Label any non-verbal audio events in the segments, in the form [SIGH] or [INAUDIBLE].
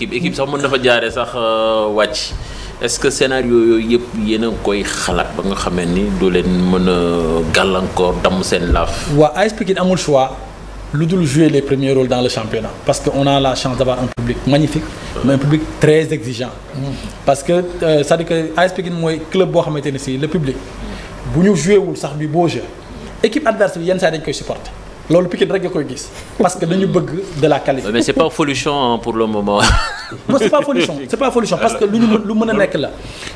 équipe équipe sax mën na fa jaaree sax euh, wàcc est-ce que scénario yooyu yëpp yéen a koy xalaat ba nga xamee ni du leen mën a gàllankoor damm seen laaf. waa AS Pikine amul choix lu dul jouer les premiers rôles dans le championnat parce que on a la chance d'avoir un public magnifique. mais un public très exigeant. parce que euh, c'est-à-dire que AS mooy club boo xamante ne si le public. bu ñu joué wul sax bi beau jeu équipe adverse bi yenn saa dañ koy supporter. loolu Pikine rek nga koy gis parce que dañu bëgg de la qualité. mais c'est pas folichon pour le moment. [LAUGHS] non c'est pas folichon c'est parce que lu ñu lu mën a nekk la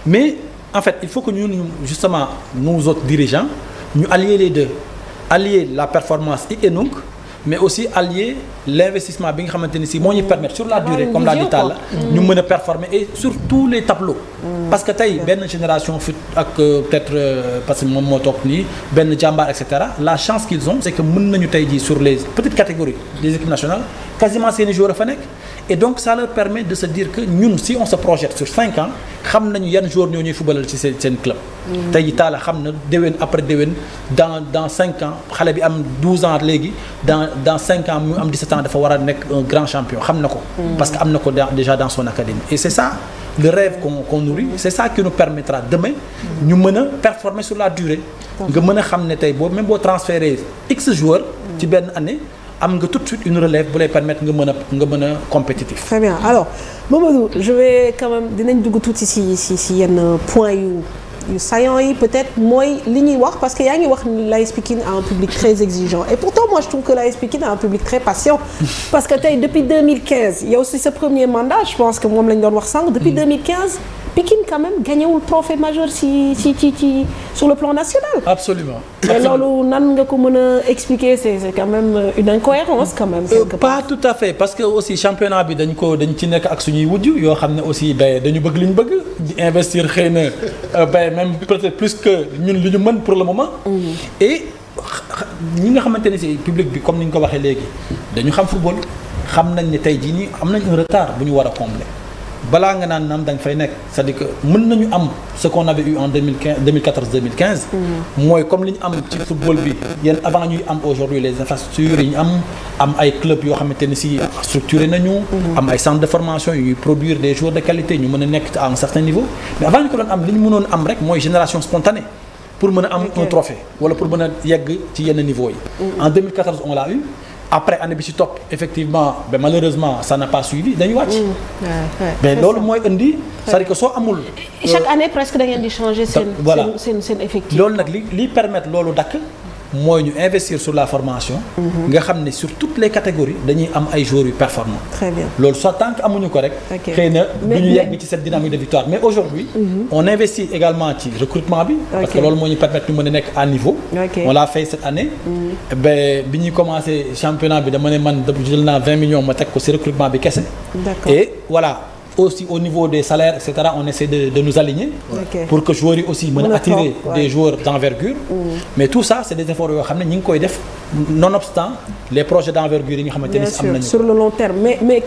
mais en fait il faut que ñun ñu justement nous autres dirigeants ñu allier les deux allier la performance hic et nunc mais aussi allier l'investissement bi nga xamante ni si moo ñuy permettre sur la durée comme l'a dit Talla ñu mën a performer et sur tous les tableaux. Mm. parce que tey benn génération fut ak euh, peut euh, parce que moom moo toog nii benn jàmbaar et la chance qu'ils ont c'est que mën nañu tey jii sur les petites catégories des équipes nationales quasiment seeni joueurs a fa nekk et donc ça leur permet de se dire que ñun si on se projette sur cinq ans xam nañu yan joueurs ñoo ñuy fubalal ci seen seen club. Mm-hmm. tey taala xam na déwén après déwén dans dans cinq ans xale bi am 12 ans léegi dans dans cinq ans mu am 17 ans war nekk un grand champion xam na ko. Mm-hmm. parce que am na ko déjà dans son académie. et c'est c' ça qui nous permettra demain ñu mën performer sur la durée nga mën a xam ne tey boo même boo transféré x joueur ci benn année am nga tout de suite une relève bu lay permettre nga mën a nga mën a très bien alors Mamadou je vais quand même dinañ dugg tuuti si si si yenn point yu yu saillant peut-être mooy li ñuy parce que yaa a un public très exigeant et pourtant moi je trouve que l'AS Pikine très patient. [LAUGHS] parce que Pikine quand même gañewul trophée majeur ci ci ci ci sur le plan national. absolument mais loolu nan nga ko mën a expliquer c'est c'est quand même euh, une incohérence quand même. Euh, pas tout à fait parce que aussi championnat bi dañ ko dañ ci nekk ak suñuy wujj yoo xam ne aussi bay dañu bëgg li ñu bëgg di investir xëy na euh, bay même peut-être plus que ñun li ñu mën pour le moment. Mm-hmm. et ñi nga xamante ne ci public bi comme ni ñu ko waxee léegi dañu xam football xam nañ ne tey jii nii am nañ un bu ñu war a combler. balaa nga naan naam da fay nekk c'est-à-dire nañu am ce qu'on avait eu en 2015 2014 2015 mooy comme li ñu am ci football bi yéen avant ñuy am aujourd'hui les infrastructures yi ñu am ay clubs si structuré nañu mm-hmm. am de formation yu produire des joueurs de qualité ñu mën a nekk à un certain niveau mais avant ñu ko doon am li ñu mënoon am rek mooy génération spontanée pour mën a am un trophée wala pour mën a yegg ci yenn niveau yi mm-hmm. en on l'a après année bi si topp effectivement ba malheureusement ça n'a pas suivi dañu wàcc. mais mm, loolu mooy indi. cest que soo amul. chaque euh, année presque da ngeen di changer seen. seen seen effectif. loolu nag li li permettre loolu dakk mooy ñu investir sur la formation. Mhm. nga xam ne sur toutes les catégories dañuy am ay joueurs yu performants. loolu soit tant que amuñu ko rek. xëy na du ñu yegg ci cette dynamique de victoire mais aujourd'hui mhm. on investit également ci recrutement bi. parce que loolu moo ñu permettre ñu mën nekk à niveau. on l'a fait cette année. Mhm. bi ñuy commencé championnat bi dama ne man jël naa 20 ma teg ko si recrutement bi kese. e voilà. aussi au niveau des salaires et cetera on essaie de de nous aligner. Okay. pour que joueurs yi aussi mën a attirer ouais. des joueurs d'envergure. Mmh. mais tout ça c'est des efforts yoo xam ne ñu ngi koy def nonobstant les projets d'envergure yi nga xamante ni am nañu. sur le long terme mais mais.